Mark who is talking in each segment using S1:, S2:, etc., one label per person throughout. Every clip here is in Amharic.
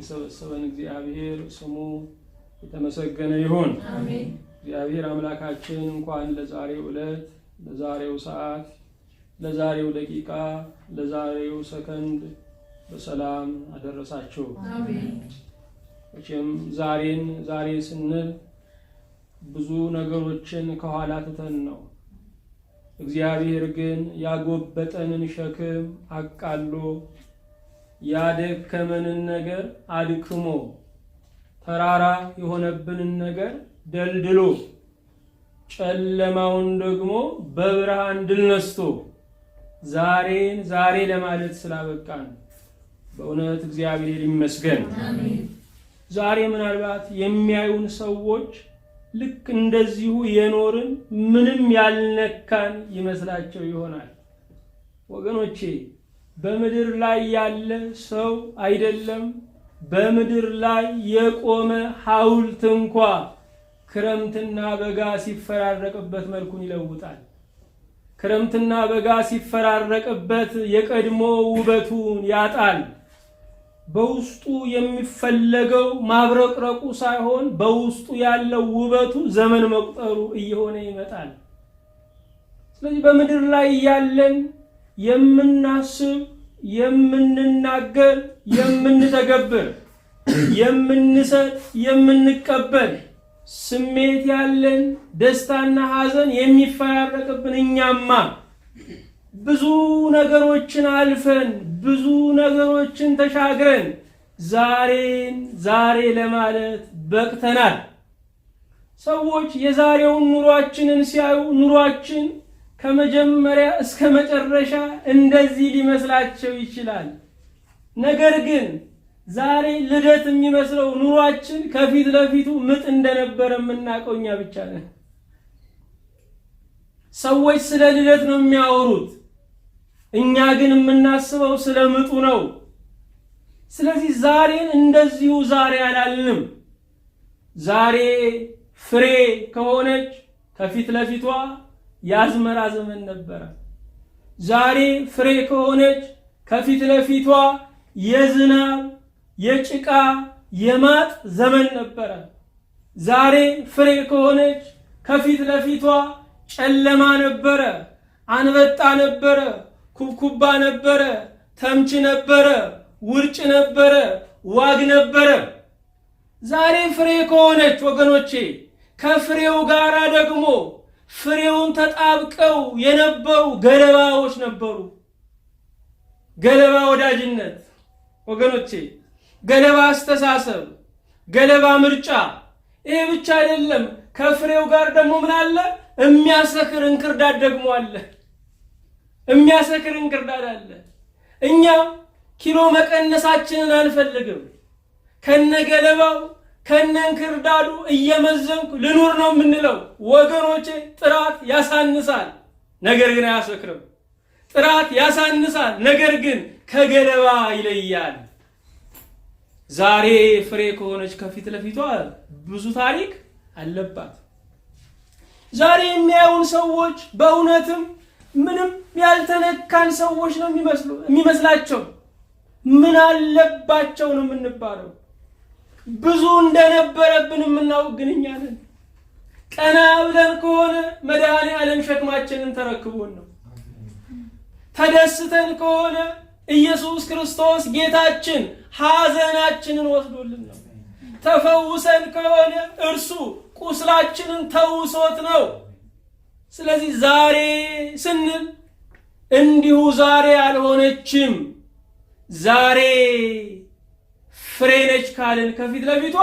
S1: የሰበሰበን እግዚአብሔር ስሙ የተመሰገነ ይሁን። እግዚአብሔር አምላካችን እንኳን ለዛሬው ዕለት፣ ለዛሬው ሰዓት፣ ለዛሬው ደቂቃ፣ ለዛሬው ሰከንድ በሰላም አደረሳችሁ። መቼም ዛሬን ዛሬ ስንል ብዙ ነገሮችን ከኋላ ትተን ነው። እግዚአብሔር ግን ያጎበጠንን ሸክም አቃሎ ያደከመንን ነገር አድክሞ ተራራ የሆነብንን ነገር ደልድሎ ጨለማውን ደግሞ በብርሃን ድል ነስቶ ዛሬን ዛሬ ለማለት ስላበቃን በእውነት እግዚአብሔር ይመስገን። ዛሬ ምናልባት የሚያዩን ሰዎች ልክ እንደዚሁ የኖርን ምንም ያልነካን ይመስላቸው ይሆናል ወገኖቼ በምድር ላይ ያለ ሰው አይደለም፣ በምድር ላይ የቆመ ሐውልት እንኳ ክረምትና በጋ ሲፈራረቅበት መልኩን ይለውጣል። ክረምትና በጋ ሲፈራረቅበት የቀድሞ ውበቱን ያጣል። በውስጡ የሚፈለገው ማብረቅረቁ ሳይሆን በውስጡ ያለው ውበቱ ዘመን መቁጠሩ እየሆነ ይመጣል። ስለዚህ በምድር ላይ ያለን የምናስብ የምንናገር የምንተገብር፣ የምንሰጥ የምንቀበል፣ ስሜት ያለን ደስታና ሐዘን የሚፈራረቅብን እኛማ ብዙ ነገሮችን አልፈን ብዙ ነገሮችን ተሻግረን ዛሬን ዛሬ ለማለት በቅተናል። ሰዎች የዛሬውን ኑሯችንን ሲያዩ ኑሯችን ከመጀመሪያ እስከ መጨረሻ እንደዚህ ሊመስላቸው ይችላል። ነገር ግን ዛሬ ልደት የሚመስለው ኑሯችን ከፊት ለፊቱ ምጥ እንደነበረ የምናውቀው እኛ ብቻ ነን። ሰዎች ስለ ልደት ነው የሚያወሩት፣ እኛ ግን የምናስበው ስለ ምጡ ነው። ስለዚህ ዛሬን እንደዚሁ ዛሬ አላልንም። ዛሬ ፍሬ ከሆነች ከፊት ለፊቷ የአዝመራ ዘመን ነበረ። ዛሬ ፍሬ ከሆነች ከፊት ለፊቷ የዝናብ የጭቃ የማጥ ዘመን ነበረ። ዛሬ ፍሬ ከሆነች ከፊት ለፊቷ ጨለማ ነበረ፣ አንበጣ ነበረ፣ ኩብኩባ ነበረ፣ ተምች ነበረ፣ ውርጭ ነበረ፣ ዋግ ነበረ። ዛሬ ፍሬ ከሆነች ወገኖቼ ከፍሬው ጋር ደግሞ ፍሬውን ተጣብቀው የነበሩ ገለባዎች ነበሩ። ገለባ ወዳጅነት ወገኖቼ፣ ገለባ አስተሳሰብ፣ ገለባ ምርጫ። ይሄ ብቻ አይደለም። ከፍሬው ጋር ደግሞ ምን አለ? የሚያሰክር እንክርዳድ ደግሞ አለ። የሚያሰክር እንክርዳድ አለ። እኛ ኪሎ መቀነሳችንን አንፈልግም ከነ ገለባው ከነንክርዳዱ እየመዘንኩ ልኑር ነው የምንለው ወገኖቼ። ጥራት ያሳንሳል፣ ነገር ግን አያሰክርም። ጥራት ያሳንሳል፣ ነገር ግን ከገለባ ይለያል። ዛሬ ፍሬ ከሆነች ከፊት ለፊቷ ብዙ ታሪክ አለባት። ዛሬ የሚያዩን ሰዎች በእውነትም ምንም ያልተነካን ሰዎች ነው የሚመስላቸው። ምን አለባቸው ነው የምንባለው። ብዙ እንደነበረብን የምናውግን እኛ ነን። ቀና ብለን ከሆነ መድኃኔ ዓለም ሸክማችንን ተረክቦን ነው። ተደስተን ከሆነ ኢየሱስ ክርስቶስ ጌታችን ሐዘናችንን ወስዶልን ነው። ተፈውሰን ከሆነ እርሱ ቁስላችንን ተውሶት ነው። ስለዚህ ዛሬ ስንል እንዲሁ ዛሬ አልሆነችም ዛሬ ፍሬ ነች ካልን ከፊት ለፊቷ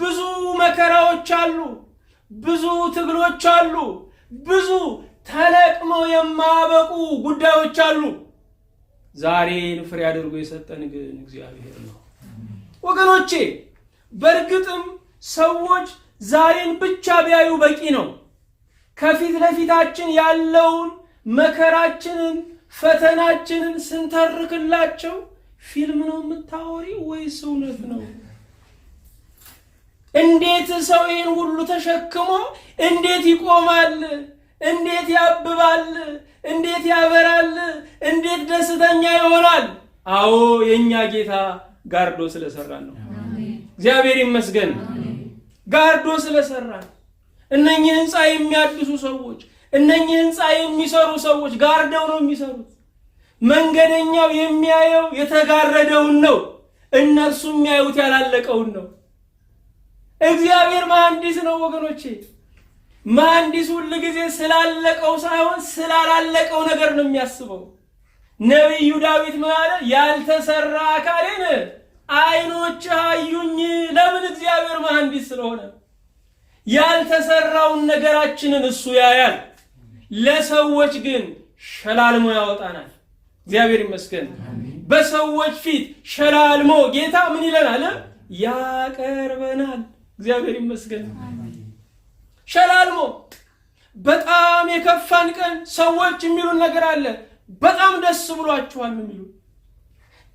S1: ብዙ መከራዎች አሉ፣ ብዙ ትግሎች አሉ፣ ብዙ ተለቅመው የማያበቁ ጉዳዮች አሉ። ዛሬን ፍሬ አድርጎ የሰጠን ግን እግዚአብሔር ነው። ወገኖቼ በእርግጥም ሰዎች ዛሬን ብቻ ቢያዩ በቂ ነው። ከፊት ለፊታችን ያለውን መከራችንን፣ ፈተናችንን ስንተርክላቸው ፊልም ነው የምታወሪ ወይስ እውነት ነው? እንዴት ሰው ይህን ሁሉ ተሸክሞ እንዴት ይቆማል? እንዴት ያብባል? እንዴት ያበራል? እንዴት ደስተኛ ይሆናል? አዎ የእኛ ጌታ ጋርዶ ስለሰራን ነው። እግዚአብሔር ይመስገን ጋርዶ ስለሰራን። እነኚህ ህንፃ የሚያድሱ ሰዎች፣ እነኚህ ህንፃ የሚሰሩ ሰዎች ጋርደው ነው የሚሰሩት። መንገደኛው የሚያየው የተጋረደውን ነው፣ እነርሱ የሚያዩት ያላለቀውን ነው። እግዚአብሔር መሐንዲስ ነው ወገኖቼ። መሐንዲስ ሁል ጊዜ ስላለቀው ሳይሆን ስላላለቀው ነገር ነው የሚያስበው። ነቢዩ ዳዊት ማለት ያልተሰራ አካሌን አይኖች አዩኝ። ለምን? እግዚአብሔር መሐንዲስ ስለሆነ ያልተሰራውን ነገራችንን እሱ ያያል። ለሰዎች ግን ሸላልሞ ያወጣናል። እግዚአብሔር ይመስገን። በሰዎች ፊት ሸላልሞ ጌታ ምን ይለናል? ያቀርበናል። እግዚአብሔር ይመስገን። ሸላልሞ በጣም የከፋን ቀን ሰዎች የሚሉን ነገር አለ። በጣም ደስ ብሏችኋል የሚሉ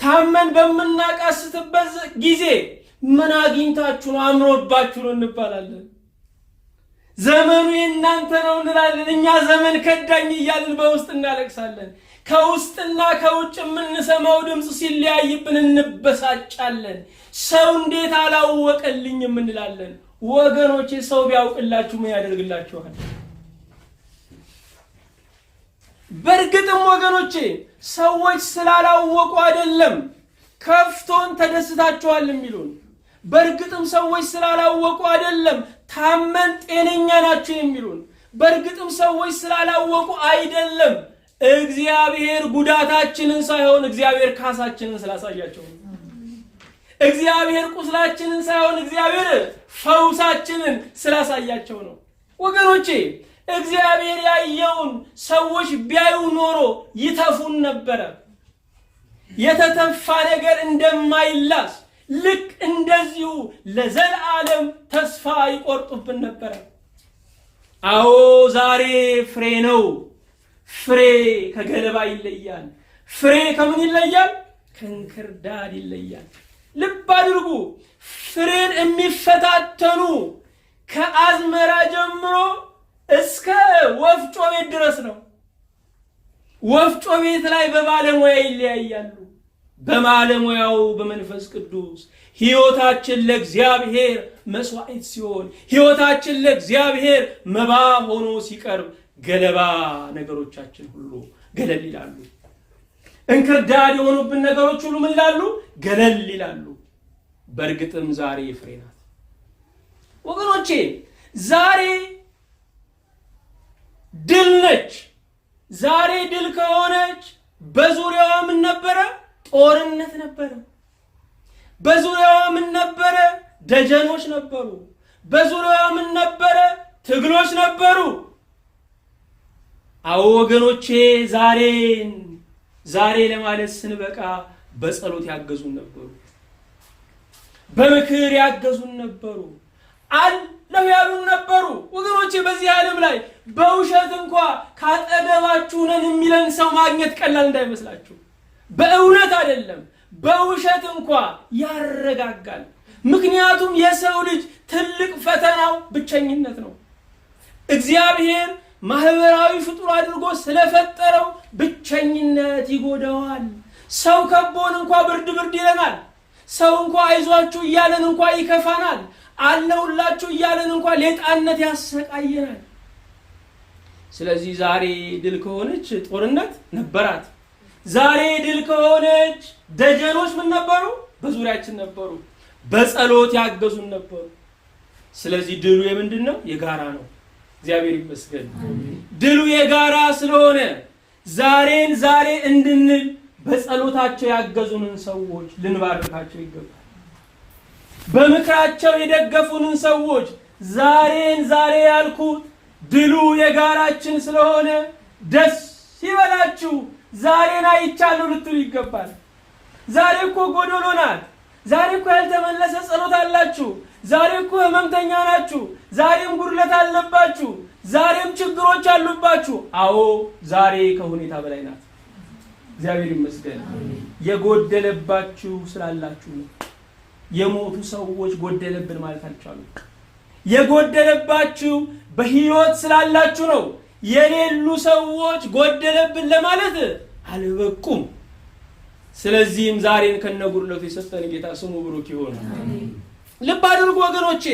S1: ታመን በምናቃስትበት ጊዜ ምን አግኝታችሁ ነው አምሮባችሁ ነው እንባላለን። ዘመኑ የእናንተ ነው እንላለን። እኛ ዘመን ከዳኝ እያልን በውስጥ እናለቅሳለን። ከውስጥና ከውጭ የምንሰማው ድምፅ ሲለያይብን እንበሳጫለን። ሰው እንዴት አላወቀልኝም እንላለን። ወገኖች ሰው ቢያውቅላችሁ ምን ያደርግላችኋል? በእርግጥም ወገኖቼ ሰዎች ስላላወቁ አይደለም ከፍቶን ተደስታችኋል የሚሉን። በእርግጥም ሰዎች ስላላወቁ አይደለም ታመን ጤነኛ ናቸው የሚሉን። በእርግጥም ሰዎች ስላላወቁ አይደለም እግዚአብሔር ጉዳታችንን ሳይሆን እግዚአብሔር ካሳችንን ስላሳያቸው ነው። እግዚአብሔር ቁስላችንን ሳይሆን እግዚአብሔር ፈውሳችንን ስላሳያቸው ነው። ወገኖቼ እግዚአብሔር ያየውን ሰዎች ቢያዩ ኖሮ ይተፉን ነበረ። የተተፋ ነገር እንደማይላስ ልክ እንደዚሁ ለዘላለም ተስፋ ይቆርጡብን ነበረ። አዎ ዛሬ ፍሬ ነው። ፍሬ ከገለባ ይለያል። ፍሬ ከምን ይለያል? ከእንክርዳድ ይለያል። ልብ አድርጉ። ፍሬን የሚፈታተኑ ከአዝመራ ጀምሮ እስከ ወፍጮ ቤት ድረስ ነው። ወፍጮ ቤት ላይ በባለሙያ ይለያያሉ። በባለሙያው በመንፈስ ቅዱስ ሕይወታችን ለእግዚአብሔር መስዋዕት ሲሆን ሕይወታችን ለእግዚአብሔር መባ ሆኖ ሲቀርብ ገለባ ነገሮቻችን ሁሉ ገለል ይላሉ። እንክርዳድ የሆኑብን ነገሮች ሁሉ ምን ላሉ ገለል ይላሉ። በእርግጥም ዛሬ ፍሬ ናት። ወገኖቼ ዛሬ ድል ነች። ዛሬ ድል ከሆነች በዙሪያዋ ምን ነበረ? ጦርነት ነበረ። በዙሪያዋ ምን ነበረ? ደጀኖች ነበሩ። በዙሪያዋ ምን ነበረ? ትግሎች ነበሩ። አዎ ወገኖቼ ዛሬን ዛሬ ለማለት ስንበቃ በጸሎት ያገዙን ነበሩ፣ በምክር ያገዙን ነበሩ፣ አለሁ ያሉን ነበሩ። ወገኖቼ በዚህ ዓለም ላይ በውሸት እንኳ ካጠገባችሁ ነን የሚለን ሰው ማግኘት ቀላል እንዳይመስላችሁ። በእውነት አይደለም በውሸት እንኳ ያረጋጋል። ምክንያቱም የሰው ልጅ ትልቅ ፈተናው ብቸኝነት ነው። እግዚአብሔር ማህበራዊ ፍጡር አድርጎ ስለፈጠረው ብቸኝነት ይጎዳዋል። ሰው ከቦን እንኳ ብርድ ብርድ ይለናል። ሰው እንኳ አይዟችሁ እያለን እንኳ ይከፋናል። አለውላችሁ እያለን እንኳ ሌጣነት ያሰቃየናል። ስለዚህ ዛሬ ድል ከሆነች ጦርነት ነበራት። ዛሬ ድል ከሆነች ደጀኖች ምን ነበሩ? በዙሪያችን ነበሩ፣ በጸሎት ያገዙን ነበሩ። ስለዚህ ድሉ የምንድን ነው? የጋራ ነው። እግዚአብሔር ይመስገን። ድሉ የጋራ ስለሆነ ዛሬን ዛሬ እንድንል በጸሎታቸው ያገዙንን ሰዎች ልንባርካቸው ይገባል። በምክራቸው የደገፉንን ሰዎች ዛሬን ዛሬ ያልኩት ድሉ የጋራችን ስለሆነ ደስ ይበላችሁ፣ ዛሬን አይቻሉ ልትሉ ይገባል። ዛሬ እኮ ጎዶሎ ናት። ዛሬ እኮ ያልተመለሰ ጸሎት አላችሁ። ዛሬ እኮ ህመምተኛ ናችሁ። ዛሬም ጉድለት አለባችሁ። ዛሬም ችግሮች አሉባችሁ። አዎ ዛሬ ከሁኔታ በላይ ናት። እግዚአብሔር ይመስገን። የጎደለባችሁ ስላላችሁ ነው። የሞቱ ሰዎች ጎደለብን ማለት አልቻሉ። የጎደለባችሁ በህይወት ስላላችሁ ነው። የሌሉ ሰዎች ጎደለብን ለማለት አልበቁም። ስለዚህም ዛሬን ከነጉድለቱ የሰጠን ጌታ ስሙ ብሩክ ይሆን። ልብ አድርጉ ወገኖቼ፣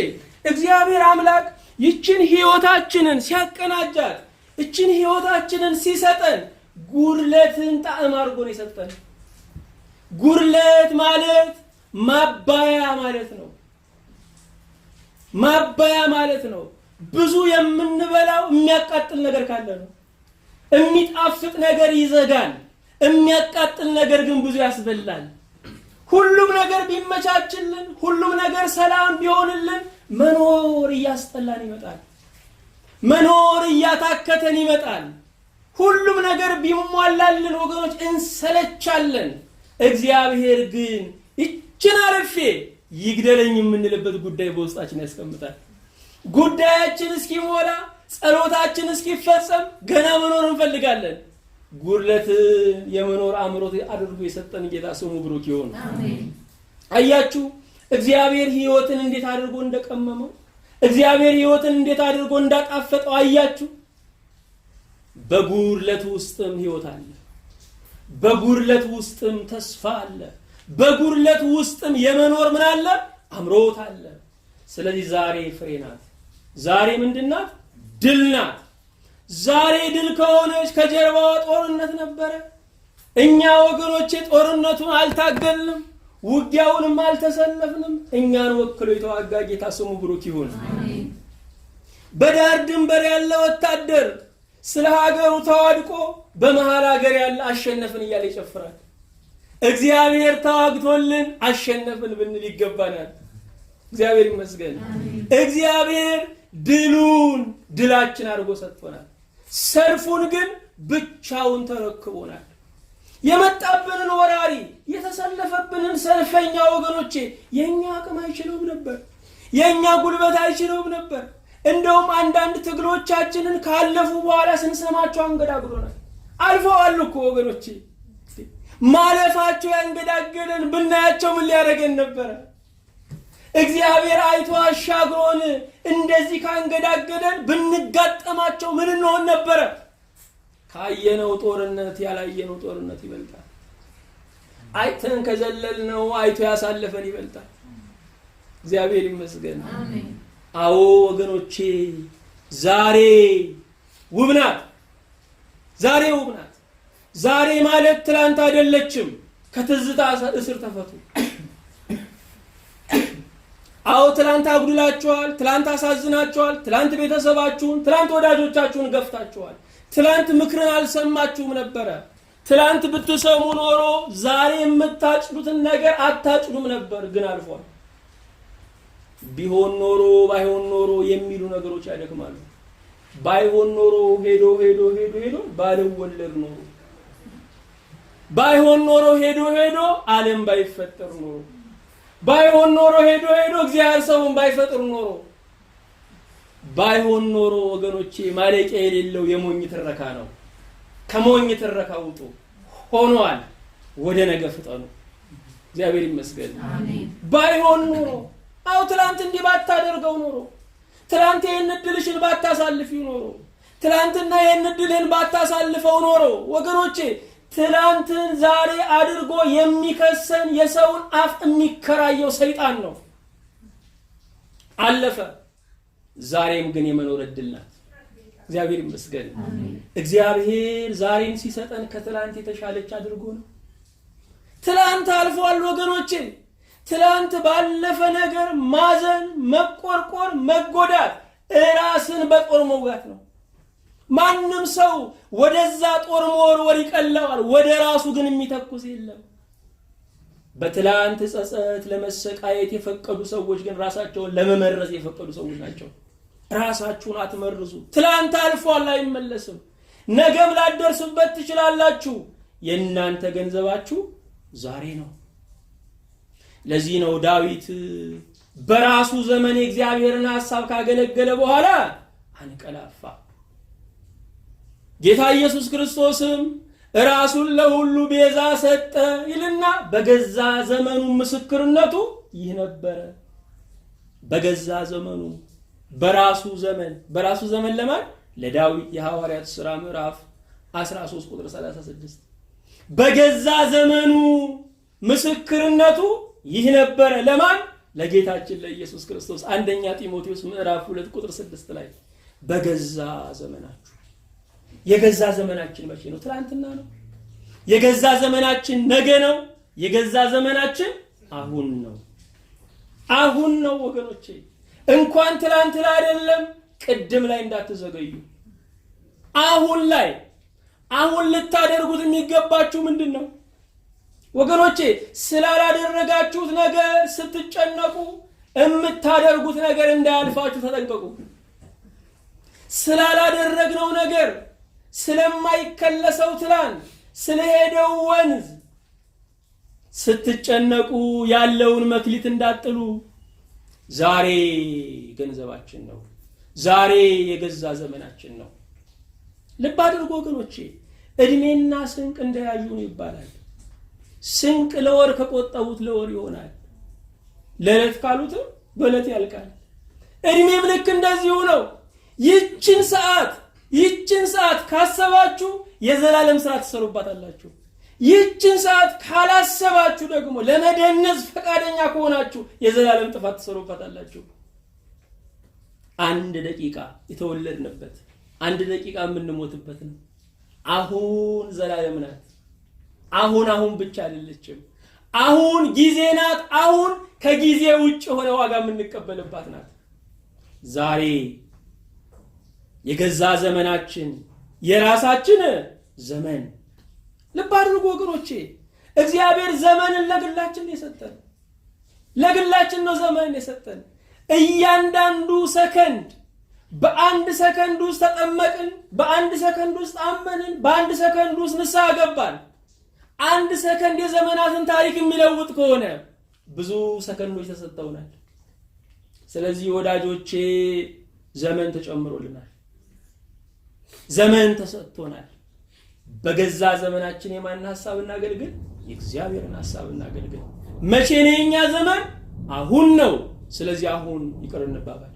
S1: እግዚአብሔር አምላክ ይችን ህይወታችንን ሲያቀናጃት እችን ህይወታችንን ሲሰጠን ጉርለትን ጣዕም አድርጎ ነው የሰጠን። ጉርለት ማለት ማባያ ማለት ነው። ማባያ ማለት ነው። ብዙ የምንበላው የሚያቃጥል ነገር ካለ ነው። የሚጣፍጥ ነገር ይዘጋል። የሚያቃጥል ነገር ግን ብዙ ያስበላል። ሁሉም ነገር ቢመቻችልን፣ ሁሉም ነገር ሰላም ቢሆንልን መኖር እያስጠላን ይመጣል። መኖር እያታከተን ይመጣል። ሁሉም ነገር ቢሟላልን ወገኖች እንሰለቻለን። እግዚአብሔር ግን ይችን አረፌ ይግደለኝ የምንልበት ጉዳይ በውስጣችን ያስቀምጣል። ጉዳያችን እስኪሞላ ጸሎታችን እስኪፈጸም ገና መኖር እንፈልጋለን። ጉድለት የመኖር አእምሮት አድርጎ የሰጠን ጌታ ስሙ ብሩክ ይሁን። አያችሁ እግዚአብሔር ህይወትን እንዴት አድርጎ እንደቀመመው፣ እግዚአብሔር ህይወትን እንዴት አድርጎ እንዳጣፈጠው። አያችሁ በጉድለት ውስጥም ህይወት አለ። በጉድለት ውስጥም ተስፋ አለ። በጉድለት ውስጥም የመኖር ምን አለ አምሮት አለ። ስለዚህ ዛሬ ፍሬ ናት። ዛሬ ምንድን ናት? ድል ናት። ዛሬ ድል ከሆነች ከጀርባዋ ጦርነት ነበረ። እኛ ወገኖቼ ጦርነቱን አልታገልንም፣ ውጊያውንም አልተሰለፍንም። እኛን ወክሎ የተዋጋ ጌታ ስሙ ብሩክ ይሁን። በዳር ድንበር ያለ ወታደር ስለ ሀገሩ ተዋድቆ በመሀል ሀገር ያለ አሸነፍን እያለ ይጨፍራል። እግዚአብሔር ተዋግቶልን አሸነፍን ብንል ይገባናል። እግዚአብሔር ይመስገን። እግዚአብሔር ድሉን ድላችን አድርጎ ሰጥቶናል። ሰልፉን ግን ብቻውን ተረክቦናል። የመጣብንን ወራሪ የተሰለፈብንን ሰልፈኛ ወገኖቼ የእኛ አቅም አይችለውም ነበር፣ የእኛ ጉልበት አይችለውም ነበር። እንደውም አንዳንድ ትግሎቻችንን ካለፉ በኋላ ስንሰማቸው አንገዳግዶናል። አልፈዋል እኮ ወገኖቼ፣ ማለፋቸው ያንገዳገደን ብናያቸው ምን ሊያደርገን ነበረ? እግዚአብሔር አይቶ አሻግሮን እንደዚህ ካንገዳገደን ብንጋጠማቸው ምን እንሆን ነበረ? ካየነው ጦርነት ያላየነው ጦርነት ይበልጣል። አይተን ከዘለልነው አይቶ ያሳለፈን ይበልጣል። እግዚአብሔር ይመስገን። አዎ ወገኖቼ፣ ዛሬ ውብ ናት። ዛሬ ውብ ናት። ዛሬ ማለት ትላንት አይደለችም። ከትዝታ እስር ተፈቱ። አዎ ትላንት አጉድላችኋል፣ ትላንት አሳዝናችኋል፣ ትላንት ቤተሰባችሁን፣ ትላንት ወዳጆቻችሁን ገፍታችኋል፣ ትላንት ምክርን አልሰማችሁም ነበረ። ትላንት ብትሰሙ ኖሮ ዛሬ የምታጭዱትን ነገር አታጭዱም ነበር። ግን አልፏል። ቢሆን ኖሮ ባይሆን ኖሮ የሚሉ ነገሮች ያደክማሉ። ባይሆን ኖሮ ሄዶ ሄዶ ሄዶ ሄዶ ባልወለድ ኖሮ፣ ባይሆን ኖሮ ሄዶ ሄዶ ዓለም ባይፈጠር ኖሮ ባይሆን ኖሮ ሄዶ ሄዶ እግዚአብሔር ሰውን ባይፈጥር ኖሮ ባይሆን ኖሮ ወገኖቼ ማለቂያ የሌለው የሞኝ ትረካ ነው። ከሞኝ ትረካ ውጡ። ሆኗል። ወደ ነገ ፍጠኑ። እግዚአብሔር ይመስገን። ባይሆን ኖሮ አው ትላንት እንዲህ ባታደርገው ኖሮ ትላንት ይህን እድልሽን ባታሳልፊው ኖሮ ትላንትና ይህን እድልህን ባታሳልፈው ኖሮ ወገኖቼ ትላንትን ዛሬ አድርጎ የሚከሰን የሰውን አፍ የሚከራየው ሰይጣን ነው። አለፈ። ዛሬም ግን የመኖር እድል ናት። እግዚአብሔር ይመስገን። እግዚአብሔር ዛሬን ሲሰጠን ከትላንት የተሻለች አድርጎ ነው። ትላንት አልፏል ወገኖቼ። ትላንት ባለፈ ነገር ማዘን፣ መቆርቆር፣ መጎዳት ራስን በጦር መውጋት ነው። ማንም ሰው ወደዛ ጦር መወርወር ይቀለዋል፣ ወደ ራሱ ግን የሚተኩስ የለም። በትላንት ጸጸት ለመሰቃየት የፈቀዱ ሰዎች ግን ራሳቸውን ለመመረዝ የፈቀዱ ሰዎች ናቸው። ራሳችሁን አትመርዙ። ትላንት አልፏል፣ አይመለስም። ነገም ላደርሱበት ትችላላችሁ። የእናንተ ገንዘባችሁ ዛሬ ነው። ለዚህ ነው ዳዊት በራሱ ዘመን የእግዚአብሔርን ሐሳብ ካገለገለ በኋላ አንቀላፋ ጌታ ኢየሱስ ክርስቶስም ራሱን ለሁሉ ቤዛ ሰጠ ይልና በገዛ ዘመኑ ምስክርነቱ ይህ ነበረ። በገዛ ዘመኑ በራሱ ዘመን በራሱ ዘመን ለማን ለዳዊት የሐዋርያት ሥራ ምዕራፍ 13 ቁጥር 36 በገዛ ዘመኑ ምስክርነቱ ይህ ነበረ ለማን ለጌታችን ለኢየሱስ ክርስቶስ አንደኛ ጢሞቴዎስ ምዕራፍ 2 ቁጥር 6 ላይ በገዛ ዘመናችሁ የገዛ ዘመናችን መቼ ነው? ትላንትና ነው። የገዛ ዘመናችን ነገ ነው። የገዛ ዘመናችን አሁን ነው። አሁን ነው ወገኖቼ። እንኳን ትላንት ላይ አይደለም ቅድም ላይ እንዳትዘገዩ። አሁን ላይ አሁን ልታደርጉት የሚገባችሁ ምንድን ነው ወገኖቼ? ስላላደረጋችሁት ነገር ስትጨነቁ የምታደርጉት ነገር እንዳያልፋችሁ ተጠንቀቁ። ስላላደረግነው ነገር ስለማይከለሰው ትላን ስለሄደው ወንዝ ስትጨነቁ ያለውን መክሊት እንዳጥሉ። ዛሬ ገንዘባችን ነው። ዛሬ የገዛ ዘመናችን ነው። ልብ አድርጎ ወገኖቼ፣ እድሜና ስንቅ እንደያዩ ነው ይባላል። ስንቅ ለወር ከቆጠቡት ለወር ይሆናል፣ ለዕለት ካሉትም በዕለት ያልቃል። እድሜም ልክ እንደዚሁ ነው። ይችን ሰዓት ይህችን ሰዓት ካሰባችሁ የዘላለም ስራ ትሰሩባታላችሁ። ይህችን ሰዓት ካላሰባችሁ ደግሞ ለመደነዝ ፈቃደኛ ከሆናችሁ የዘላለም ጥፋት ትሰሩባታላችሁ። አንድ ደቂቃ የተወለድንበት አንድ ደቂቃ የምንሞትበት ነው። አሁን ዘላለም ናት። አሁን አሁን ብቻ አይደለችም። አሁን ጊዜ ናት። አሁን ከጊዜ ውጭ የሆነ ዋጋ የምንቀበልባት ናት። ዛሬ የገዛ ዘመናችን የራሳችን ዘመን። ልብ አድርጎ ወገኖቼ፣ እግዚአብሔር ዘመንን ለግላችን የሰጠን ለግላችን ነው ዘመንን የሰጠን። እያንዳንዱ ሰከንድ በአንድ ሰከንድ ውስጥ ተጠመቅን፣ በአንድ ሰከንድ ውስጥ አመንን፣ በአንድ ሰከንድ ውስጥ ንስሐ ገባን። አንድ ሰከንድ የዘመናትን ታሪክ የሚለውጥ ከሆነ ብዙ ሰከንዶች ተሰጠውናል። ስለዚህ ወዳጆቼ ዘመን ተጨምሮልናል። ዘመን ተሰጥቶናል። በገዛ ዘመናችን የማንን ሀሳብ እናገልግል? የእግዚአብሔርን ሀሳብ እናገልግል። መቼ ነው የኛ ዘመን? አሁን ነው። ስለዚህ አሁን ይቅር እንባባል፣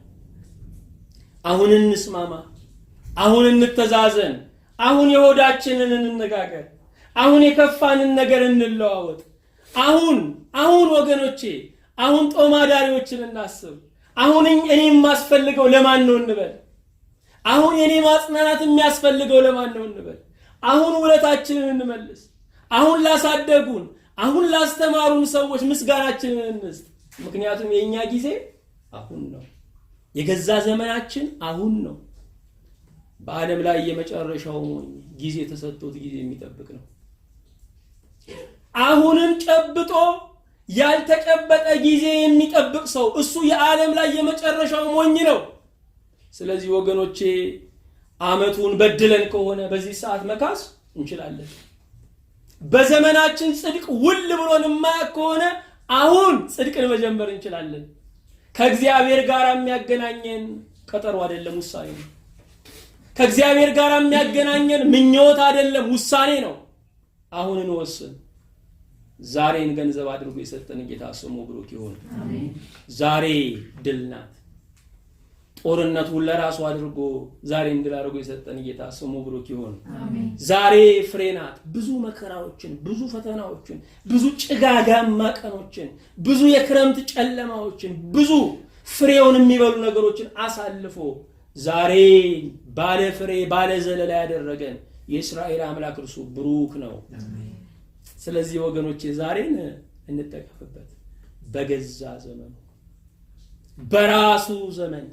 S1: አሁን እንስማማ፣ አሁን እንተዛዘን፣ አሁን የሆዳችንን እንነጋገር፣ አሁን የከፋንን ነገር እንለዋወጥ። አሁን አሁን ወገኖቼ፣ አሁን ጦማዳሪዎችን እናስብ። አሁን እኔ የማስፈልገው ለማን ነው እንበል አሁን የኔ ማጽናናት የሚያስፈልገው ለማን ነው እንበል። አሁን ውለታችንን እንመልስ። አሁን ላሳደጉን፣ አሁን ላስተማሩን ሰዎች ምስጋናችንን እንስጥ። ምክንያቱም የእኛ ጊዜ አሁን ነው። የገዛ ዘመናችን አሁን ነው። በዓለም ላይ የመጨረሻው ሞኝ ጊዜ ተሰጥቶት ጊዜ የሚጠብቅ ነው። አሁንም ጨብጦ ያልተጨበጠ ጊዜ የሚጠብቅ ሰው እሱ የዓለም ላይ የመጨረሻው ሞኝ ነው። ስለዚህ ወገኖቼ አመቱን በድለን ከሆነ በዚህ ሰዓት መካስ እንችላለን። በዘመናችን ጽድቅ ውል ብሎን የማያውቅ ከሆነ አሁን ጽድቅን መጀመር እንችላለን። ከእግዚአብሔር ጋር የሚያገናኘን ቀጠሮ አይደለም፣ ውሳኔ ነው። ከእግዚአብሔር ጋር የሚያገናኘን ምኞት አይደለም፣ ውሳኔ ነው። አሁን እንወስን። ዛሬን ገንዘብ አድርጎ የሰጠን ጌታ ስሙ ብሩክ ይሆን ዛሬ ድል ናት። ጦርነቱን ለራሱ አድርጎ ዛሬ እንድል አድርጎ የሰጠን ጌታ ስሙ ብሩክ ይሁን። ዛሬ ፍሬናት ብዙ መከራዎችን፣ ብዙ ፈተናዎችን፣ ብዙ ጭጋጋማ ቀኖችን፣ ብዙ የክረምት ጨለማዎችን፣ ብዙ ፍሬውን የሚበሉ ነገሮችን አሳልፎ ዛሬ ባለ ፍሬ ባለ ዘለላ ያደረገን የእስራኤል አምላክ እርሱ ብሩክ ነው። ስለዚህ ወገኖቼ ዛሬን እንጠቀፍበት። በገዛ ዘመኑ በራሱ ዘመን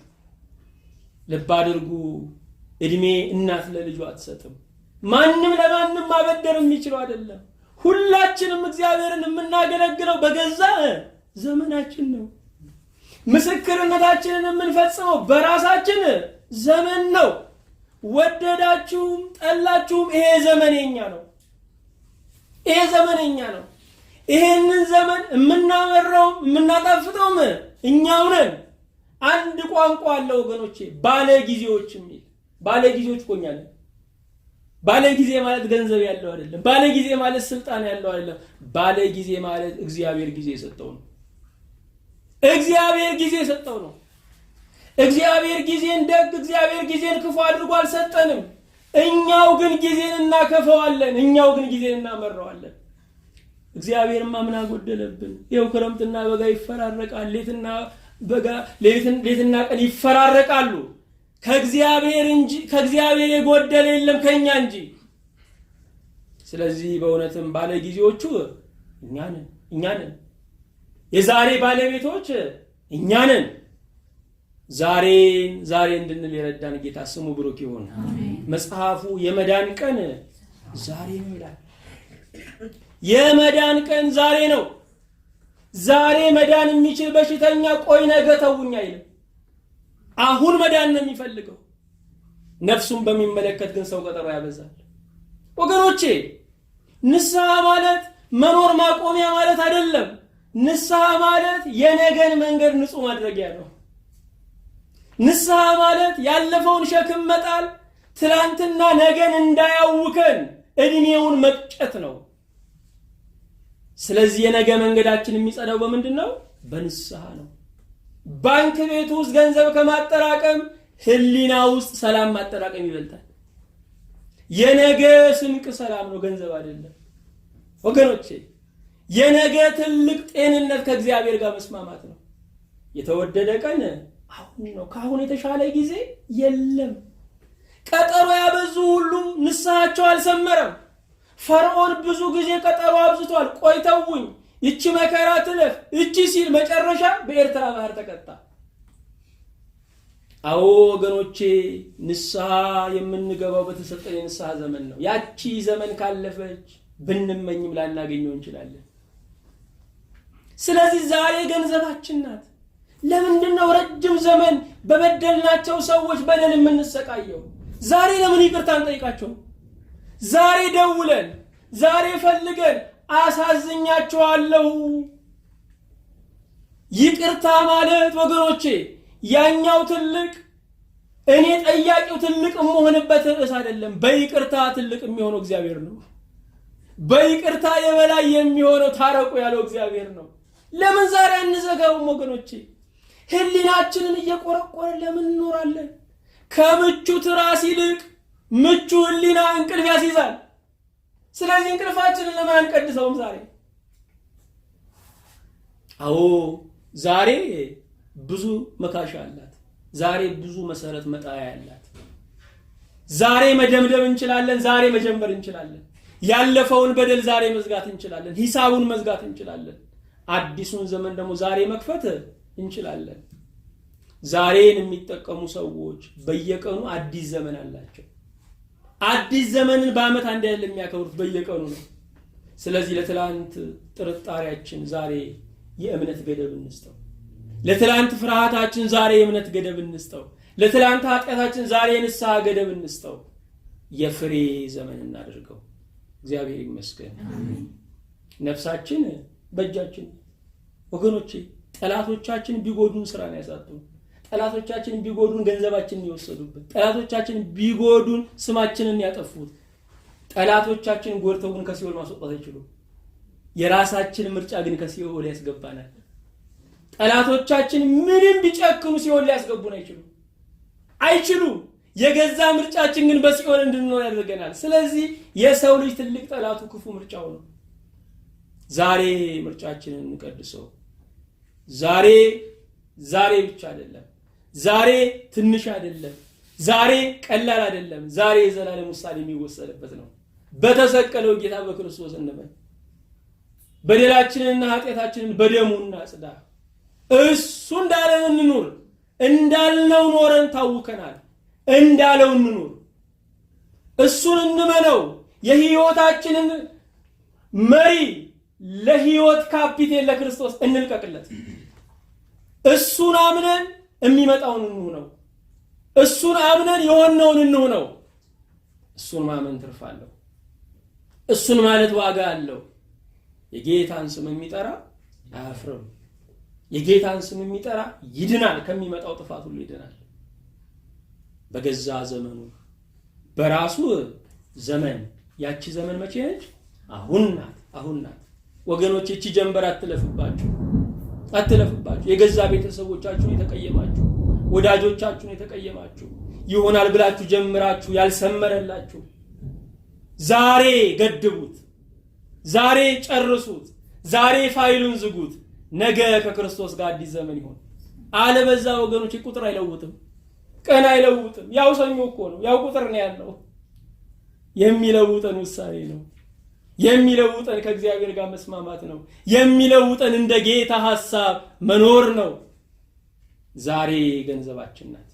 S1: ልብ አድርጉ። እድሜ እናት ለልጁ አትሰጥም። ማንም ለማንም ማበደር የሚችለው አይደለም። ሁላችንም እግዚአብሔርን የምናገለግለው በገዛ ዘመናችን ነው። ምስክርነታችንን የምንፈጽመው በራሳችን ዘመን ነው። ወደዳችሁም ጠላችሁም ይሄ የኛ ነው። ይሄ የኛ ነው። ይሄንን ዘመን የምናመራውም የምናጣፍጠውም እኛው ነን። አንድ ቋንቋ አለ ወገኖቼ። ባለ የሚል ባለጊዜዎች ባለ ጊዜ ማለት ገንዘብ ያለው አይደለም። ጊዜ ማለት ስልጣን ያለው አይደለም። ጊዜ ማለት እግዚአብሔር ጊዜ የሰጠው ነው። እግዚአብሔር ጊዜ የሰጠው ነው። እግዚአብሔር ጊዜን ደግ፣ እግዚአብሔር ጊዜን ክፉ አድርጎ አልሰጠንም። እኛው ግን ጊዜን እናከፈዋለን። እኛው ግን ጊዜን እናመረዋለን። እግዚአብሔርማ ምን አጎደለብን? ይኸው ክረምትና በጋ ይፈራረቃል። ሌትና ሌትና ቀን ይፈራረቃሉ። ከእግዚአብሔር እንጂ ከእግዚአብሔር የጎደለ የለም ከኛ እንጂ። ስለዚህ በእውነትም ባለጊዜዎቹ እኛ የዛሬ ባለቤቶች እኛንን ዛሬን ዛሬ እንድንል የረዳን ጌታ ስሙ ብሩክ ይሁን። መጽሐፉ የመዳን ቀን ዛሬ ነው ይላል። የመዳን ቀን ዛሬ ነው። ዛሬ መዳን የሚችል በሽተኛ ቆይ ነገ ተውኝ አይልም። አሁን መዳን ነው የሚፈልገው። ነፍሱን በሚመለከት ግን ሰው ቀጠሮ ያበዛል። ወገኖቼ ንስሐ ማለት መኖር ማቆሚያ ማለት አይደለም። ንስሐ ማለት የነገን መንገድ ንጹህ ማድረጊያ ነው። ንስሐ ማለት ያለፈውን ሸክም መጣል፣ ትላንትና ነገን እንዳያውከን እድሜውን መቅጨት ነው። ስለዚህ የነገ መንገዳችን የሚጸዳው በምንድን ነው? በንስሐ ነው። ባንክ ቤት ውስጥ ገንዘብ ከማጠራቀም ህሊና ውስጥ ሰላም ማጠራቀም ይበልጣል። የነገ ስንቅ ሰላም ነው፣ ገንዘብ አይደለም። ወገኖቼ የነገ ትልቅ ጤንነት ከእግዚአብሔር ጋር መስማማት ነው። የተወደደ ቀን አሁን ነው። ከአሁን የተሻለ ጊዜ የለም። ቀጠሮ ያበዙ ሁሉ ንስሐቸው አልሰመረም። ፈርዖን ብዙ ጊዜ ቀጠሮ አብዝቷል። ቆይተውኝ ይቺ መከራ ትለፍ እቺ ሲል መጨረሻ በኤርትራ ባህር ተቀጣ። አዎ ወገኖቼ፣ ንስሐ የምንገባው በተሰጠን የንስሐ ዘመን ነው። ያቺ ዘመን ካለፈች ብንመኝም ላናገኘው እንችላለን። ስለዚህ ዛሬ ገንዘባችን ናት። ለምንድን ነው ረጅም ዘመን በበደልናቸው ሰዎች በደል የምንሰቃየው? ዛሬ ለምን ይቅርታ እንጠይቃቸው? ዛሬ ደውለን ዛሬ ፈልገን አሳዝኛቸዋለሁ። ይቅርታ ማለት ወገኖቼ ያኛው ትልቅ እኔ ጠያቂው ትልቅ የምሆንበት ርዕስ አይደለም። በይቅርታ ትልቅ የሚሆነው እግዚአብሔር ነው። በይቅርታ የበላይ የሚሆነው ታረቁ ያለው እግዚአብሔር ነው። ለምን ዛሬ አንዘጋውም ወገኖቼ? ህሊናችንን እየቆረቆረ ለምን እንኖራለን? ከምቹት ራስ ይልቅ ምቹ ህሊና እንቅልፍ ያስይዛል። ስለዚህ እንቅልፋችንን ለምን አንቀድሰውም? ዛሬ አዎ፣ ዛሬ ብዙ መካሻ አላት። ዛሬ ብዙ መሰረት መጣያ ያላት። ዛሬ መደምደም እንችላለን። ዛሬ መጀመር እንችላለን። ያለፈውን በደል ዛሬ መዝጋት እንችላለን። ሂሳቡን መዝጋት እንችላለን። አዲሱን ዘመን ደግሞ ዛሬ መክፈት እንችላለን። ዛሬን የሚጠቀሙ ሰዎች በየቀኑ አዲስ ዘመን አላቸው። አዲስ ዘመንን በአመት አንድ ያለ የሚያከብሩት በየቀኑ ነው። ስለዚህ ለትላንት ጥርጣሬያችን ዛሬ የእምነት ገደብ እንስጠው። ለትላንት ፍርሃታችን ዛሬ የእምነት ገደብ እንስጠው። ለትላንት ኃጢአታችን ዛሬ የንስሐ ገደብ እንስጠው። የፍሬ ዘመን እናደርገው። እግዚአብሔር ይመስገን። ነፍሳችን በእጃችን ወገኖቼ፣ ጠላቶቻችን ቢጎዱን ስራ ነው ያሳጡን። ጠላቶቻችን ቢጎዱን ገንዘባችንን የወሰዱብን፣ ጠላቶቻችን ቢጎዱን ስማችንን ያጠፉት፣ ጠላቶቻችን ጎድተውን ከሲኦል ማስወጣት አይችሉም። የራሳችን ምርጫ ግን ከሲኦል ያስገባናል። ጠላቶቻችን ምንም ቢጨክኑ ሲኦል ሊያስገቡን አይችሉም አይችሉም። የገዛ ምርጫችን ግን በሲኦል እንድንኖር ያደርገናል። ስለዚህ የሰው ልጅ ትልቅ ጠላቱ ክፉ ምርጫው ነው። ዛሬ ምርጫችንን እንቀድሰው። ዛሬ ዛሬ ብቻ አይደለም ዛሬ ትንሽ አይደለም፣ ዛሬ ቀላል አይደለም። ዛሬ የዘላለም ውሳኔ የሚወሰድበት ነው። በተሰቀለው ጌታ በክርስቶስ እንበል። በደላችንንና ኃጢአታችንን በደሙ እናጽዳ። እሱ እንዳለን እንኑር። እንዳልነው ኖረን ታውከናል። እንዳለው እንኑር። እሱን እንመነው። የህይወታችንን መሪ ለህይወት ካፒቴን ለክርስቶስ እንልቀቅለት። እሱን አምነን የሚመጣውን እንሁ ነው። እሱን አምነን የሆነውን እንሁ ነው። እሱን ማመን ትርፍ አለው። እሱን ማለት ዋጋ አለው። የጌታን ስም የሚጠራ አያፍርም። የጌታን ስም የሚጠራ ይድናል፣ ከሚመጣው ጥፋት ሁሉ ይድናል። በገዛ ዘመኑ በራሱ ዘመን ያቺ ዘመን መቼ ነች? አሁን ናት። አሁን ናት ወገኖች፣ እቺ ጀንበር አትለፍባቸው አትለፍባችሁ። የገዛ ቤተሰቦቻችሁን የተቀየማችሁ፣ ወዳጆቻችሁን የተቀየማችሁ፣ ይሆናል ብላችሁ ጀምራችሁ ያልሰመረላችሁ ዛሬ ገድቡት፣ ዛሬ ጨርሱት፣ ዛሬ ፋይሉን ዝጉት። ነገ ከክርስቶስ ጋር አዲስ ዘመን ይሆን። አለበዛ ወገኖች ቁጥር አይለውጥም፣ ቀን አይለውጥም። ያው ሰኞ እኮ ነው፣ ያው ቁጥር ነው ያለው። የሚለውጠን ውሳኔ ነው። የሚለውጠን ከእግዚአብሔር ጋር መስማማት ነው። የሚለውጠን እንደ ጌታ ሐሳብ መኖር ነው። ዛሬ ገንዘባችን ናት።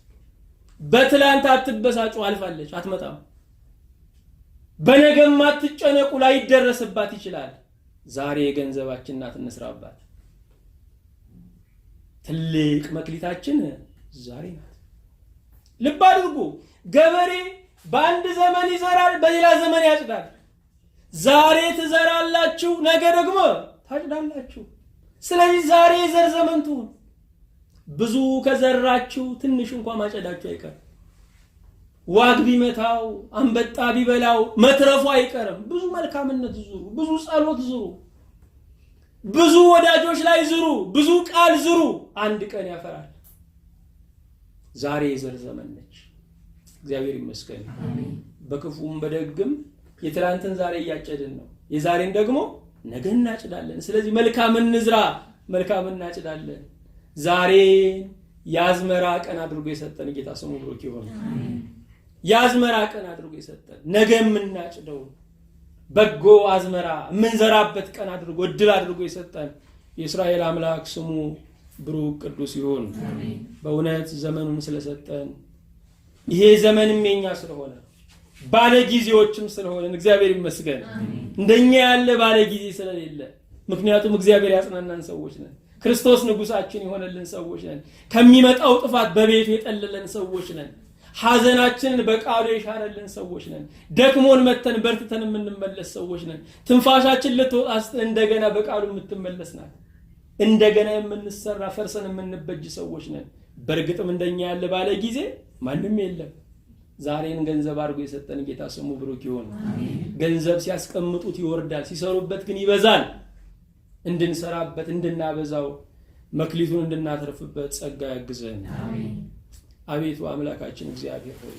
S1: በትላንት አትበሳጩ፣ አልፋለች፣ አትመጣም። በነገም አትጨነቁ፣ ላይደረስባት ይችላል። ዛሬ ገንዘባችን ናት፣ እንስራባት። ትልቅ መክሊታችን ዛሬ ናት። ልብ አድርጉ። ገበሬ በአንድ ዘመን ይዘራል፣ በሌላ ዘመን ያጭዳል። ዛሬ ትዘራላችሁ፣ ነገ ደግሞ ታጭዳላችሁ። ስለዚህ ዛሬ የዘር ዘመን ትሁን። ብዙ ከዘራችሁ ትንሽ እንኳ ማጨዳችሁ አይቀርም። ዋግ ቢመታው አንበጣ ቢበላው መትረፉ አይቀርም። ብዙ መልካምነት ዝሩ፣ ብዙ ጸሎት ዝሩ፣ ብዙ ወዳጆች ላይ ዝሩ፣ ብዙ ቃል ዝሩ። አንድ ቀን ያፈራል። ዛሬ የዘር ዘመን ነች። እግዚአብሔር ይመስገን። በክፉም በደግም የትላንትን ዛሬ እያጨድን ነው፣ የዛሬን ደግሞ ነገ እናጭዳለን። ስለዚህ መልካም እንዝራ፣ መልካም እናጭዳለን። ዛሬ የአዝመራ ቀን አድርጎ የሰጠን ጌታ ስሙ ብሩክ ይሆን። የአዝመራ ቀን አድርጎ የሰጠን ነገ የምናጭደው በጎ አዝመራ የምንዘራበት ቀን አድርጎ እድል አድርጎ የሰጠን የእስራኤል አምላክ ስሙ ብሩክ ቅዱስ ይሁን። በእውነት ዘመኑን ስለሰጠን ይሄ ዘመንም የኛ ስለሆነ ባለጊዜዎችም ስለሆነን እግዚአብሔር ይመስገን እንደኛ ያለ ባለጊዜ ስለሌለ። ምክንያቱም እግዚአብሔር ያጽናናን ሰዎች ነን። ክርስቶስ ንጉሳችን የሆነልን ሰዎች ነን። ከሚመጣው ጥፋት በቤቱ የጠለለን ሰዎች ነን። ሐዘናችንን በቃሉ የሻረልን ሰዎች ነን። ደክሞን መተን በርትተን የምንመለስ ሰዎች ነን። ትንፋሻችን ልትወጣ እንደገና በቃሉ የምትመለስ ናት። እንደገና የምንሰራ ፈርሰን የምንበጅ ሰዎች ነን። በእርግጥም እንደኛ ያለ ባለ ጊዜ ማንም የለም። ዛሬን ገንዘብ አድርጎ የሰጠን ጌታ ስሙ ብሩክ ይሁን። ገንዘብ ሲያስቀምጡት ይወርዳል፣ ሲሰሩበት ግን ይበዛል። እንድንሰራበት እንድናበዛው፣ መክሊቱን እንድናተርፍበት ጸጋ ያግዘን። አቤቱ አምላካችን እግዚአብሔር ሆይ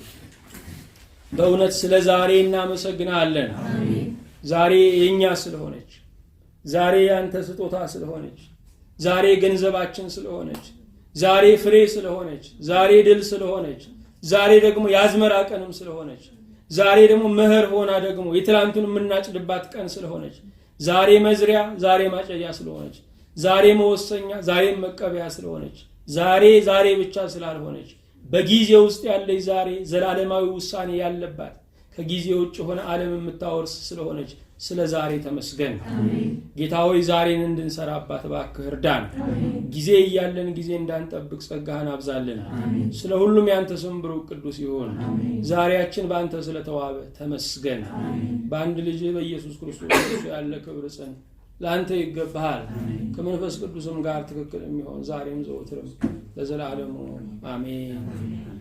S1: በእውነት ስለ ዛሬ እናመሰግናለን። ዛሬ የእኛ ስለሆነች፣ ዛሬ ያንተ ስጦታ ስለሆነች፣ ዛሬ ገንዘባችን ስለሆነች፣ ዛሬ ፍሬ ስለሆነች፣ ዛሬ ድል ስለሆነች ዛሬ ደግሞ የአዝመራ ቀንም ስለሆነች ዛሬ ደግሞ መኸር ሆና ደግሞ የትላንቱን የምናጭድባት ቀን ስለሆነች ዛሬ መዝሪያ፣ ዛሬ ማጨጃ ስለሆነች ዛሬ መወሰኛ፣ ዛሬ መቀበያ ስለሆነች ዛሬ ዛሬ ብቻ ስላልሆነች በጊዜ ውስጥ ያለች ዛሬ ዘላለማዊ ውሳኔ ያለባት ከጊዜ ውጭ የሆነ ዓለም የምታወርስ ስለሆነች ስለ ዛሬ ተመስገን። ጌታ ሆይ ዛሬን እንድንሰራባት እባክህ እርዳን። ጊዜ እያለን ጊዜ እንዳንጠብቅ ጸጋህን አብዛልን። ስለ ሁሉም ያንተ ስም ብሩክ ቅዱስ ይሁን። ዛሬያችን በአንተ ስለተዋበ ተመስገን። በአንድ ልጅ በኢየሱስ ክርስቶስ እሱ ያለ ክብር ጽን ለአንተ ይገባሃል። ከመንፈስ ቅዱስም ጋር ትክክል የሚሆን ዛሬም ዘወትርም ለዘላለሙ
S2: አሜን።